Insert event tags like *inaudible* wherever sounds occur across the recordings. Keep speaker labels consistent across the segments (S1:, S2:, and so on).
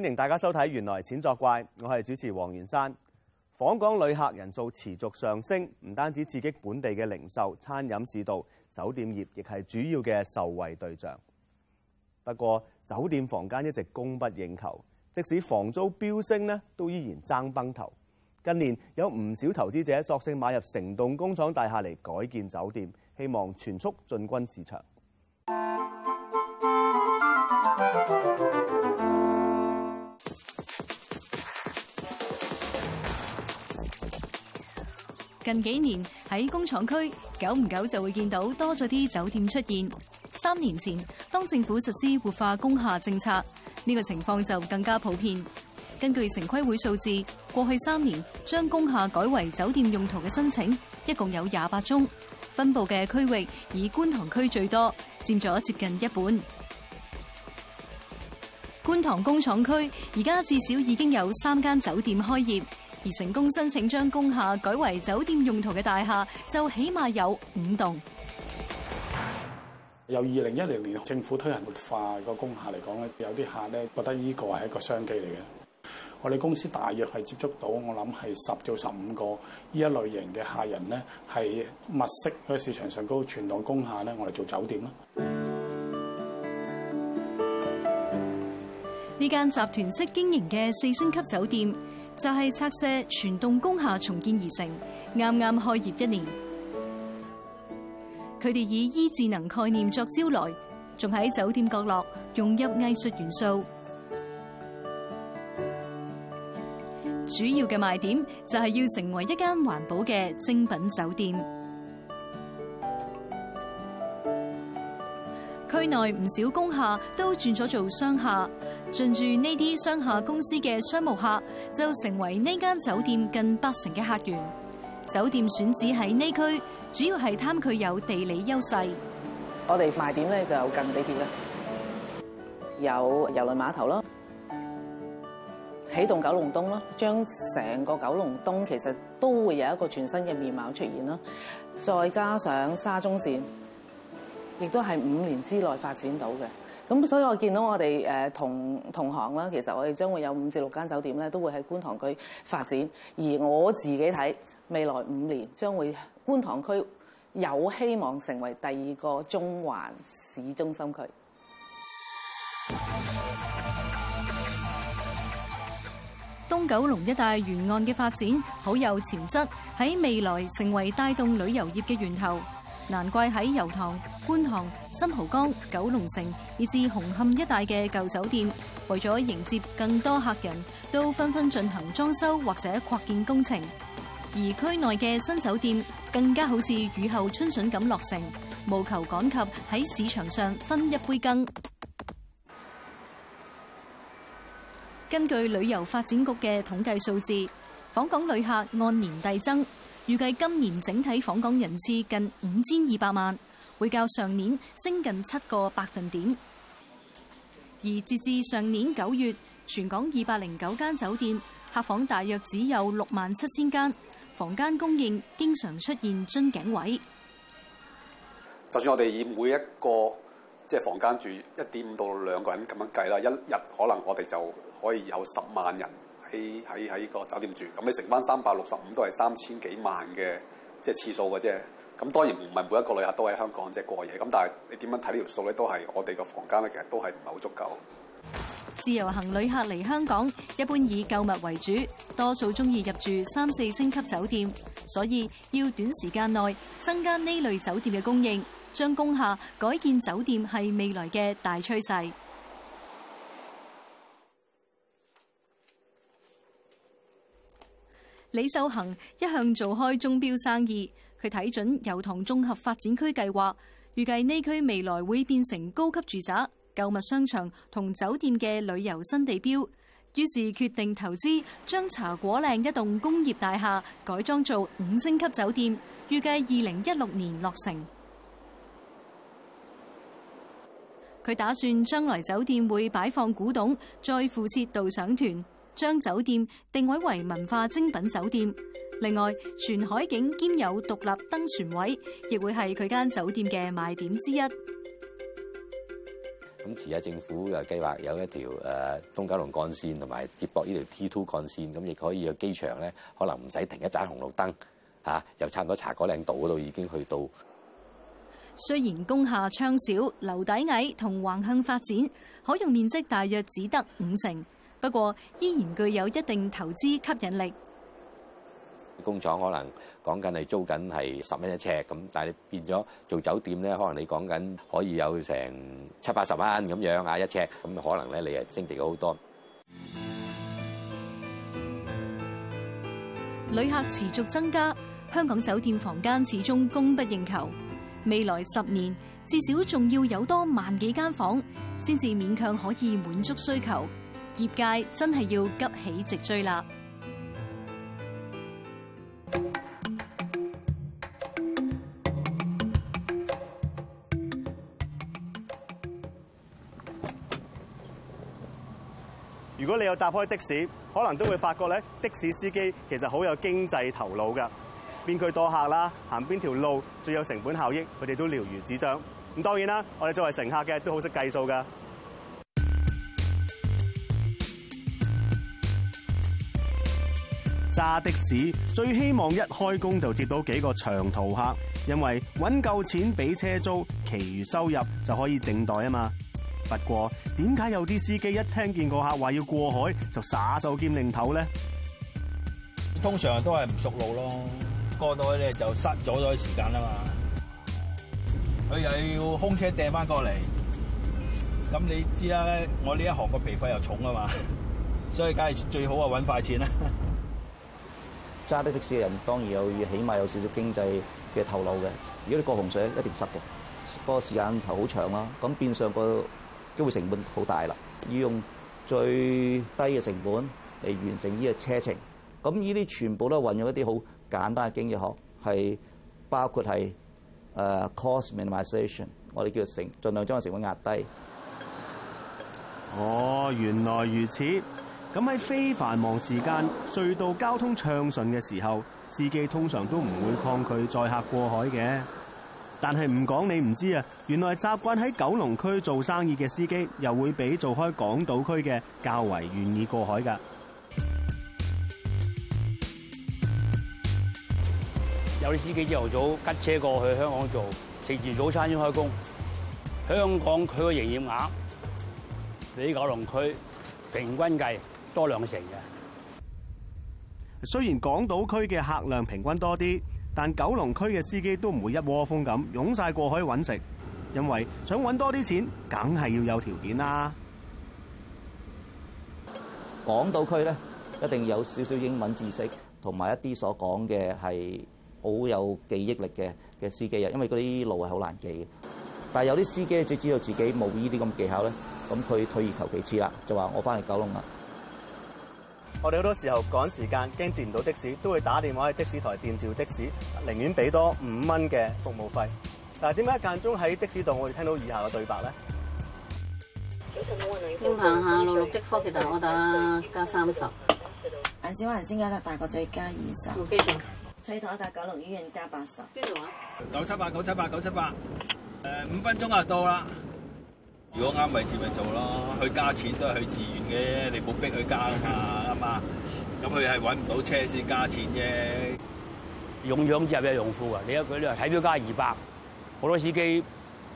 S1: 歡迎大家收睇，原來係錢作怪。我係主持黃元山。訪港旅客人數持續上升，唔單止刺激本地嘅零售、餐飲、市道、酒店業，亦係主要嘅受惠對象。不過，酒店房間一直供不應求，即使房租飆升咧，都依然爭崩頭。近年有唔少投資者索性買入城動工廠大廈嚟改建酒店，希望全速進軍市場。
S2: 近幾年喺工廠區，久唔久就會見到多咗啲酒店出現。三年前，當政府實施活化工廈政策，呢個情況就更加普遍。根據城規會數字，過去三年將工廈改為酒店用途嘅申請，一共有廿八宗，分佈嘅區域以觀塘區最多，佔咗接近一半。觀塘工廠區而家至少已經有三間酒店開業。而成功申請將工廈改為酒店用途嘅大廈，就起碼有五棟。
S3: 由二零一零年政府推行活化個工廈嚟講咧，有啲客咧覺得依個係一個商機嚟嘅。我哋公司大約係接觸到，我諗係十到十五個呢一類型嘅客人咧，係物色喺市場上高傳統工廈咧，我哋做酒
S4: 店咯。
S2: 呢 *music* 間集團式經營嘅四星級酒店。就係拆卸全棟工廈重建而成，啱啱開業一年。佢哋以 E 智能概念作招來，仲喺酒店角落融入藝術元素。主要嘅賣點就係要成為一間環保嘅精品酒店。區內唔少工廈都轉咗做商廈，進駐呢啲商廈公司嘅商務客，就成為呢間酒店近八成嘅客源。酒店選址喺呢區，主要係貪佢有地理優勢。
S3: 我哋賣點咧就有近地鐵啦，有郵輪碼頭咯，起動九龍東咯，將成個九龍東其實都會有一個全新嘅面貌出現啦。再加上沙中線。亦都係五年之內發展到嘅，咁所以我見到我哋同同行啦，其實我哋將會有五至六間酒店咧，都會喺觀塘區發展。而我自己睇未來五年，將會觀塘區有希望成為第二個中環市中心區。
S2: 東九龍一帶沿岸嘅發展好有潛質，喺未來成為帶動旅遊業嘅源頭。難怪喺油塘、觀塘、新蒲崗、九龍城以至紅磡一帶嘅舊酒店，為咗迎接更多客人，都紛紛進行裝修或者擴建工程。而區內嘅新酒店更加好似雨後春筍咁落成，務求趕及喺市場上分一杯羹。根據旅遊發展局嘅統計數字，訪港旅客按年遞增。預計今年整體訪港人次近五千二百萬，會較上年升近七個百分點。而截至上年九月，全港二百零九間酒店客房大約只有六萬七千間，房間供應經常出現樽頸位。
S4: 就算我哋以每一
S3: 個即係房間住一點五到兩個人咁樣計啦，一日可能我哋就可以有十萬人。喺喺喺個酒店住，咁你成班三百六十五都係三千幾萬嘅，即係次數嘅啫。咁當然唔係每一個旅客都喺香港即係過夜，咁但係你點樣睇呢條數咧？都係我哋個房間咧，其實都係唔係好足夠。
S2: 自由行旅客嚟香港一般以購物為主，多數中意入住三四星級酒店，所以要短時間內增加呢類酒店嘅供應，將工廈改建酒店係未來嘅大趨勢。李秀恒一向做開鐘表生意，佢睇準油塘綜合發展區計劃，預計呢區未來會變成高級住宅、購物商場同酒店嘅旅遊新地標，於是決定投資將茶果嶺一棟工業大廈改裝做五星級酒店，預計二零一六年落成。佢打算將來酒店會擺放古董，再附設導賞團。將酒店定位為文化精品酒店。另外，全海景兼有獨立登船位，亦會係佢間酒店嘅賣點之一。
S3: 咁，遲下政府又計劃有一條誒東九龍幹線，同埋接駁呢條 T2 幹線，咁亦可以去機場咧，可能唔使停一盞紅綠燈，吓又差唔多，茶果嶺道嗰度已經去到。
S2: 雖然工廈窗小、樓底矮同橫向發展，可用面積大約只得五成。不過依然具有一定投資吸引力。
S3: 工廠可能講緊係租緊係十蚊一尺咁，但係變咗做酒店咧，可能你講緊可以有成七八十蚊咁樣啊一尺咁，可能咧你係升值咗好多。
S2: 旅客持續增加，香港酒店房間始終供不應求。未來十年至少仲要有多萬幾間房，先至勉強可以滿足需求。業界真係要急起直追啦！
S1: 如果你有搭開的士，可能都會發覺咧，的士司機其實好有經濟頭腦噶，邊區多客啦，行邊條路最有成本效益，佢哋都了如指掌。咁當然啦，我哋作為乘客嘅都好識計數噶。揸的士最希望一開工就接到幾個長途客，因為搵夠錢俾車租，其餘收入就可以靜待啊嘛。不過點解有啲司機一聽見個客話要過海就耍手兼擰頭咧？
S3: 通常都係唔熟路咯，過到去咧就塞咗咗時間啊嘛。佢又要空車掟翻過嚟，咁你知啦。我呢一行個皮費又重啊嘛，所以梗係最好啊搵快錢啦。
S4: 揸的的士嘅人當然有要，起碼有少少經濟嘅頭腦嘅。如果你過洪水，一定塞嘅，嗰個時間就好長啦。咁變相個機會成本好大啦。要用最低嘅成本嚟完成呢個車程。咁呢啲全部都運用一啲好簡單嘅經濟學，係包括係誒、uh, cost minimization 我哋叫做成，盡量將個成本壓低。哦，原來如此。
S1: 咁喺非繁忙時間，隧道交通暢順嘅時候，司機通常都唔會抗拒載客過海嘅。但係唔講你唔知啊，原來習慣喺九龍區做生意嘅司機，又會比做開港島區嘅較為願意過海㗎。
S3: 有啲司機朝頭早吉車過去香港做，食住早餐先開工。香港佢個營業額比九龍區平均計，多兩成
S1: 嘅。雖然港島區嘅客量平均多啲，但九龍區嘅司機都唔會一窩蜂咁湧晒過去揾食，因為
S4: 想揾多啲錢，梗係要有條件啦。港島區咧，一定有少少英文知識，同埋一啲所講嘅係好有記憶力嘅嘅司機啊。因為嗰啲路係好難記嘅。但係有啲司機只知道自己冇呢啲咁嘅技巧咧，咁佢退而求其次啦，就話我翻嚟九龍啦。
S1: 我哋好多時候趕時間，驚接唔到的士，都會打電話喺的士台電召的士，寧願俾多五蚊嘅服務費。但係點解間中喺的士度我哋聽到以下嘅對白咧？
S2: 兼拍下六六的科技大我大加三十，晏少雲先加大個再加二十，翠台大九龍醫院加八十。邊度
S3: 啊？九七八九七八九七八。誒，五分鐘就到啦。如果啱位置咪做咯，去加錢都係去自願嘅，你冇逼佢加啊嘛，咁佢係搵唔到車先加錢啫，用搶接又係用富啊，你一句話，睇表加二百，好多司機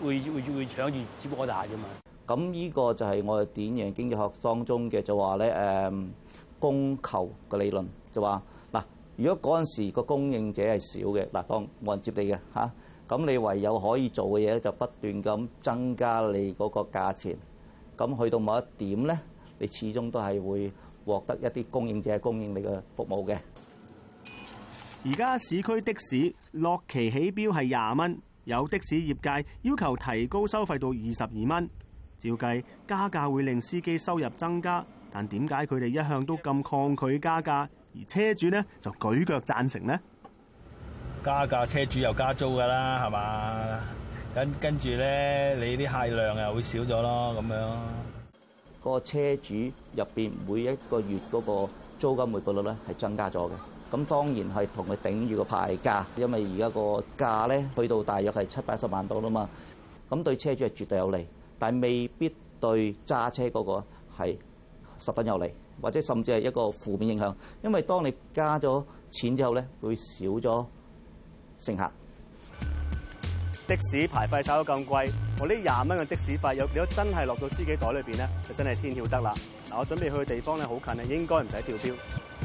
S3: 會會會搶住接我大啫嘛。
S4: 咁呢個就係我哋典型經濟學當中嘅就話咧，誒、嗯，供求嘅理論就話嗱，如果嗰陣時個供應者係少嘅，嗱，當冇人接你嘅吓。咁你唯有可以做嘅嘢就不斷咁增加你嗰個價錢，咁去到某一點咧，你始終都係會獲得一啲供應者供應你嘅服務嘅。而家
S1: 市區的士落旗起錶係廿蚊，有的士業界要求提高收費到二十二蚊。照計加價會令司機收入增加，但點解佢哋一向都咁抗拒加價，而車主咧就舉腳贊成咧？
S3: 加價，車主又加租㗎啦，係嘛？咁跟住咧，你啲客量又會少咗咯，咁樣。
S4: 個車主入邊每一個月嗰個租金回報率咧係增加咗嘅。咁當然係同佢頂住個牌價，因為而家個價咧去到大約係七百一十萬到啦嘛。咁對車主係絕對有利，但係未必對揸車嗰個係十分有利，或者甚至係一個負面影響，因為當你加咗錢之後咧，會少咗。乘客
S1: 的士牌費炒到咁貴，我呢廿蚊嘅的士費有幾多真係落到司機袋裏邊咧？就真係天曉得啦！嗱，我準備去嘅地方咧好近啊，應該唔使跳錶。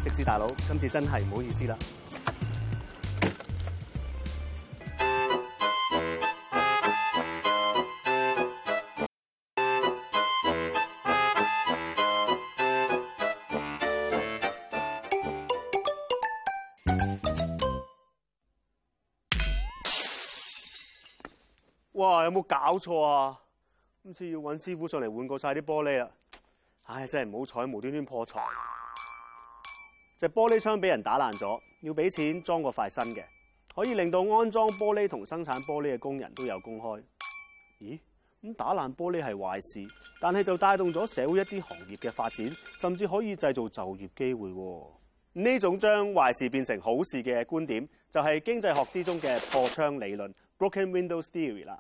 S1: 的士大佬，今次真係唔好意思啦。哇！有冇搞錯啊？今次要揾師傅上嚟換過晒啲玻璃啊。唉，真係唔好彩，無端端破窗。隻玻璃窗俾人打爛咗，要俾錢裝個塊新嘅，可以令到安裝玻璃同生產玻璃嘅工人都有工開。咦？咁打爛玻璃係壞事，但係就帶動咗社會一啲行業嘅發展，甚至可以製造就業機會。呢種將壞事變成好事嘅觀點，就係經濟學之中嘅破窗理論。Broken Windows Theory 啦。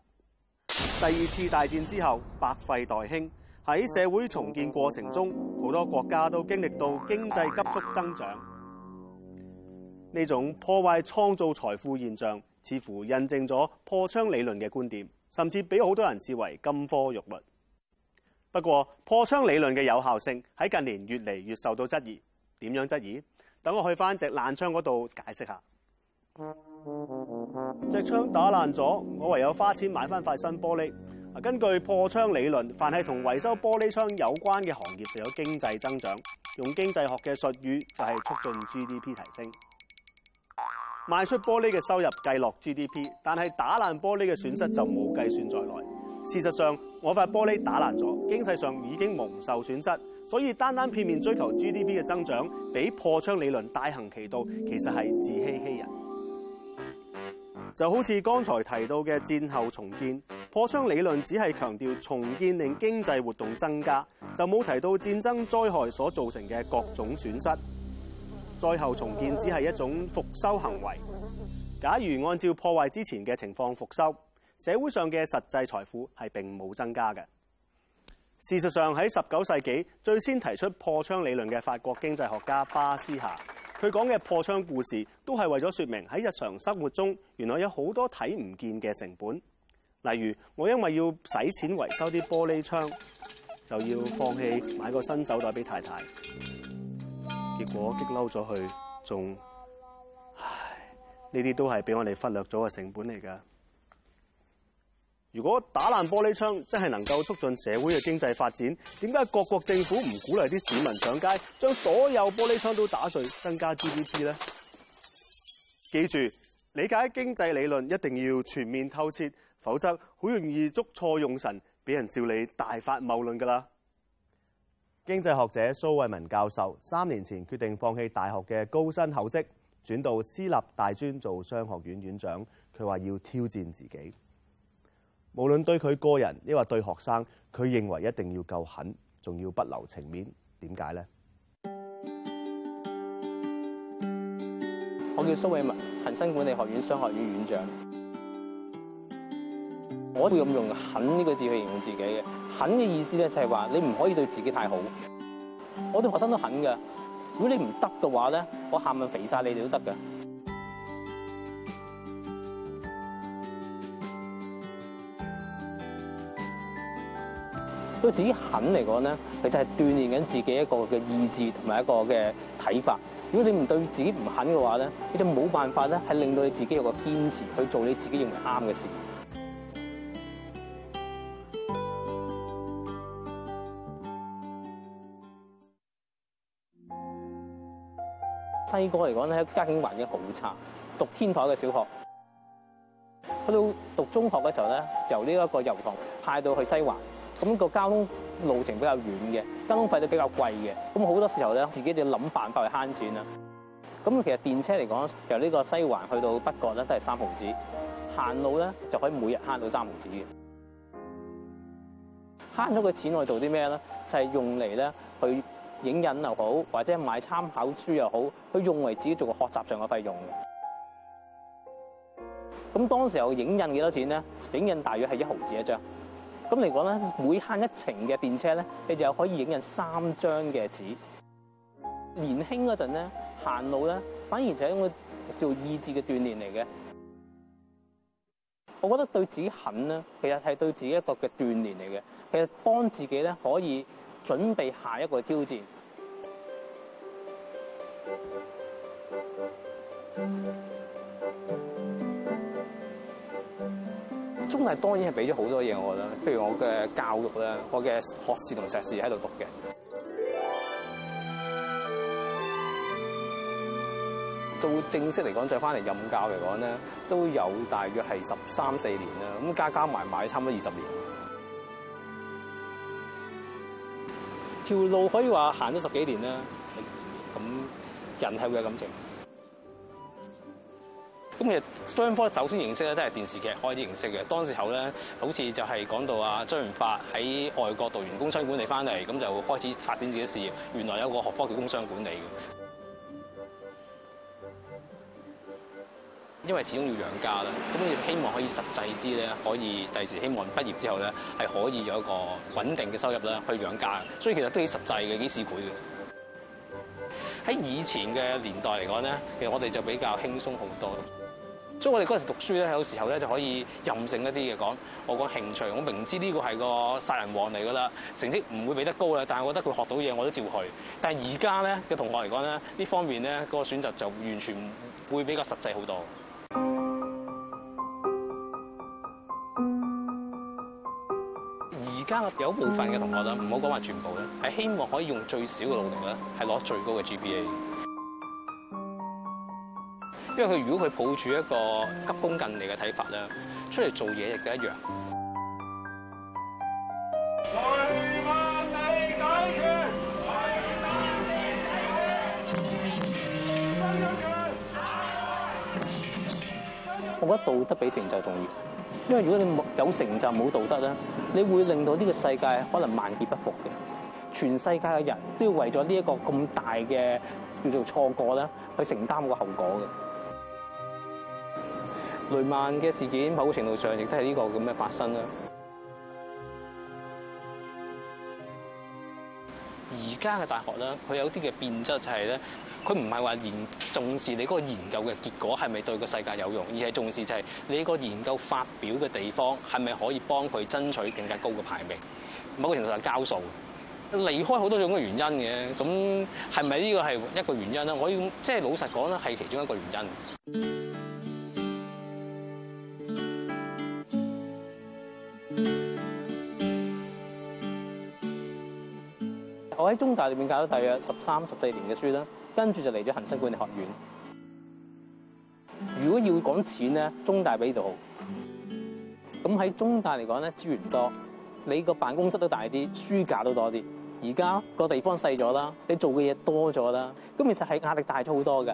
S1: 第二次大戰之後，百廢待興，喺社會重建過程中，好多國家都經歷到經濟急速增長。呢種破壞創造財富現象，似乎印證咗破窗理論嘅觀點，甚至俾好多人視為金科玉律。不過，破窗理論嘅有效性喺近年越嚟越受到質疑。點樣質疑？等我去翻隻爛窗嗰度解釋下。隻窗打爛咗，我唯有花錢買翻塊新玻璃。啊，根據破窗理論，凡係同維修玻璃窗有關嘅行業就有經濟增長。用經濟學嘅術語就係促進 GDP 提升。賣出玻璃嘅收入計落 GDP，但係打爛玻璃嘅損失就冇計算在內。事實上，我塊玻璃打爛咗，經濟上已經蒙受損失。所以，單單片面追求 GDP 嘅增長，比破窗理論大行其道，其實係自欺欺人。就好似剛才提到嘅戰後重建、破窗理論，只係強調重建令經濟活動增加，就冇提到戰爭災害所造成嘅各種損失。災後重建只係一種復修行為。假如按照破壞之前嘅情況復修，社會上嘅實際財富係並冇增加嘅。事實上，喺十九世紀最先提出破窗理論嘅法國經濟學家巴斯夏。佢講嘅破窗故事，都係為咗說明喺日常生活中，原來有好多睇唔見嘅成本。例如，我因為要使錢維修啲玻璃窗，就要放棄買個新手袋俾太太，結果激嬲咗佢，仲唉，呢啲都係俾我哋忽略咗嘅成本嚟㗎。如果打爛玻璃窗真係能夠促進社會嘅經濟發展，點解各國政府唔鼓勵啲市民上街將所有玻璃窗都打碎，增加 GDP 呢？記住，理解經濟理論一定要全面透徹，否則好容易捉錯用神，俾人笑你大發謬論噶啦。經濟學者蘇偉文教授三年前決定放棄大學嘅高薪厚職，轉到私立大專做商學院院長。佢話要挑戰自己。無論對佢個人亦或對學生，佢認為一定要夠狠，仲要不留情面。點解咧？
S3: 我叫蘇偉文，恒生管理學院商學院院長。 *music* 我會用狠呢個字去形容自己嘅，狠嘅意思咧就係話你唔可以對自己太好。我對學生都狠噶，如果你唔得嘅話咧，我喊問肥晒，你哋都得噶。對自己狠嚟講咧，你就係鍛鍊緊自己一個嘅意志同埋一個嘅睇法。如果你唔對自己唔狠嘅話咧，你就冇辦法咧，係令到你自己有個堅持去做你自己認為啱嘅事。 *music* 西哥嚟講咧，家境環境好差，讀天台嘅小學，去到讀中學嘅時候咧，由呢一個油塘派到去西環。咁個交通路程比較遠嘅，交通費都比較貴嘅，咁好多時候咧，自己就諗辦法去慳錢啦。咁其實電車嚟講，由呢個西環去到北角咧，都係三毫子；行路咧，就可以每日慳到三毫子嘅。慳咗 *music* 個錢，我做啲咩咧？就係用嚟咧去影印又好，或者買參考書又好，去用為自己做個學習上嘅費用嘅。咁當時候影印幾多錢咧？影印大約係一毫子一張。咁嚟講咧，每慳一程嘅電車咧，你就可以影印三張嘅紙。年輕嗰陣咧，行路咧，反而就係一個做意志嘅鍛鍊嚟嘅。我覺得對自己狠咧，其實係對自己一個嘅鍛鍊嚟嘅，其實幫自己咧可以準備下一個挑戰。中大當然係俾咗好多嘢，我覺得，譬如我嘅教育咧，我嘅學士同碩士喺度讀嘅。到正式嚟講，再翻嚟任教嚟講咧，都有大約係十三四年啦。咁加加埋埋差唔多二十年。條路可以話行咗十幾年啦，咁人係會有感情。咁其實商科首先認識咧都係電視劇開始認識嘅。當時候咧，好似就係講到啊周潤發喺外國讀完工商管理翻嚟，咁就開始發展自己事業。原來有個學科叫工商管理嘅。因為始終要養家啦，咁亦希望可以實際啲咧，可以第時希望畢業之後咧係可以有一個穩定嘅收入咧去養家。所以其實都幾實際嘅，幾市儈嘅。喺以前嘅年代嚟講咧，其實我哋就比較輕鬆好多。所以我哋嗰陣時讀書咧，有時候咧就可以任性一啲嘅講，我個興趣，我明知呢個係個殺人王嚟㗎啦，成績唔會畀得高啦，但係我覺得佢學到嘢我都照去。但係而家咧嘅同學嚟講咧，呢方面咧嗰個選擇就完全會比較實際好多。而家有部分嘅同學啦，唔好講話全部啦，係希望可以用最少嘅努力咧，係攞最高嘅 GPA。因為佢如果佢抱住一個急功近利嘅睇法咧，出嚟做嘢亦都一樣。我覺得道德比成就重要，因為如果你冇有成就冇道德咧，你會令到呢個世界可能萬劫不復嘅。全世界嘅人都要為咗呢一個咁大嘅。叫做錯過啦，去承擔個後果嘅雷曼嘅事件，某個程度上亦都係呢個咁嘅發生啦。而家嘅大學咧，佢有啲嘅變質就係咧，佢唔係話重視你嗰個研究嘅結果係咪對個世界有用，而係重視就係你個研究發表嘅地方係咪可以幫佢爭取更加高嘅排名，某個程度上係交數。離開好多種嘅原因嘅，咁係咪呢個係一個原因咧？我咁即係老實講咧，係其中一個原因。我喺中大裏面教咗大約十三、十四年嘅書啦，跟住就嚟咗恒生管理學院。
S4: 如果
S3: 要講錢咧，中大畀度好。咁喺中大嚟講咧，資源多，你個辦公室都大啲，書架都多啲。而家個地方細咗啦，你做嘅嘢多咗啦，咁其實係壓力大咗好多嘅。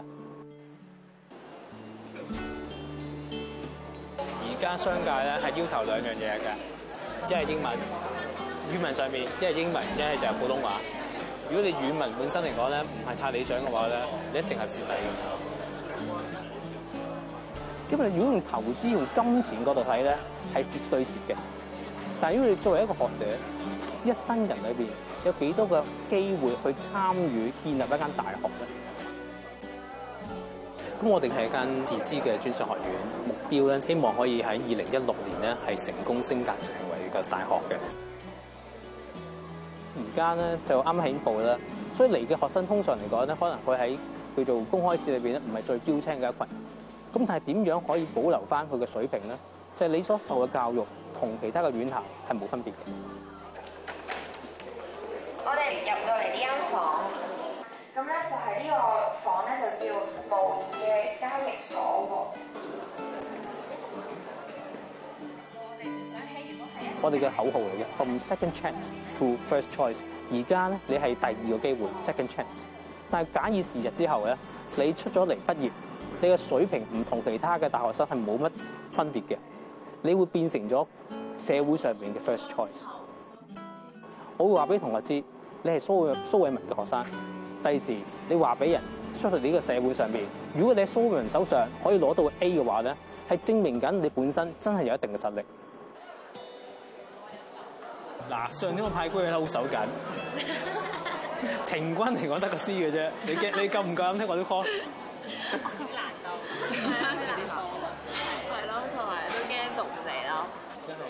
S3: 而家商界咧係要求兩樣嘢嘅，即係英文，語文上面；即係英文，即係就係普通話。如果你語文本身嚟講咧唔係太理想嘅話咧，你一定係蝕底嘅。因為如果用投資用金錢角度睇咧，係絕對蝕嘅。但係，如果你作為一個學者，一生人裏邊有幾多個機會去參與建立一間大學咧？咁我哋係一間自資嘅專上學院，目標咧希望可以喺二零一六年咧係成功升格成為個大學嘅。而家咧就啱起步啦，所以嚟嘅學生通常嚟講咧，可能佢喺叫做公開試裏邊咧唔係最標青嘅一群。咁但係點樣可以保留翻佢嘅水平咧？即係你所受嘅教育同其他嘅院校係冇分別嘅。我哋入到嚟呢間房，咁咧就係呢個房咧就叫模擬嘅交易所。我哋想如果我哋嘅口號嚟嘅，from second chance to first choice。而家咧你係第二個機會，second chance。但係假以時日之後咧，你出咗嚟畢業，你嘅水平唔同其他嘅大學生係冇乜分別嘅。你會變成咗社會上邊嘅 first choice。我會話俾同學知，你係蘇蘇偉文嘅學生。第二時，你話俾人出到嚟呢個社會上邊，如果你喺蘇偉文手上可以攞到 A 嘅話咧，係證明緊你本身真係有一定嘅實力。嗱，上週派官係好手緊， *laughs* 平均嚟講得個 C 嘅啫。你驚你夠唔夠膽聽我呢科？好 *laughs* 難受道。 *laughs*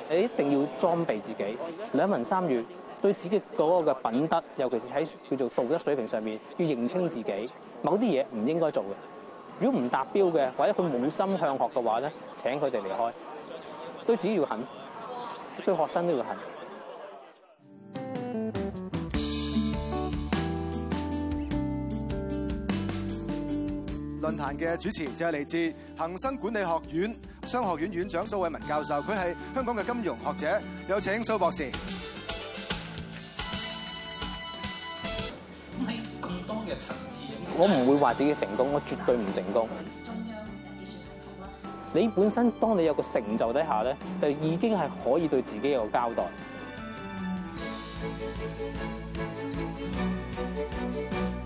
S3: 你一定要裝備自己，兩文三語，對自己嗰個嘅品德，尤其是喺叫做道德水平上面，要認清自己。某啲嘢唔應該做嘅，如果唔達標嘅，或者佢無心向學嘅話咧，請佢哋離開。對自己要狠，對學生都要狠。論壇嘅主持就係嚟自恒生管理學院。商學院院長蘇偉文教授，佢係香港嘅金融學者，有請蘇博士。咁多嘅層次，我唔會話自己成功，我絕對唔成功。中央你本身當你有個成就底下咧，就已經係可以對自己有個交代。嗯嗯